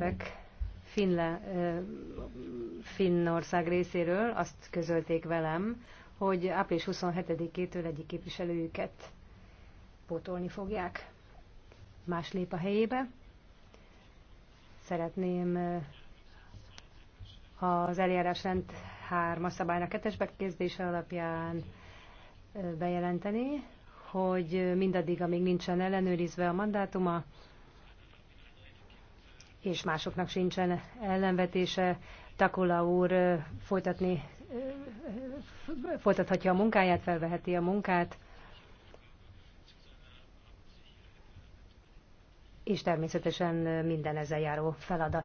megérkeztek Finle, Finnország részéről, azt közölték velem, hogy április 27-től egyik képviselőjüket pótolni fogják. Más lép a helyébe. Szeretném az rend hárma szabálynak kettes bekezdése alapján bejelenteni, hogy mindaddig, amíg nincsen ellenőrizve a mandátuma, és másoknak sincsen ellenvetése. Takula úr folytatni, folytathatja a munkáját, felveheti a munkát, és természetesen minden ezzel járó feladat.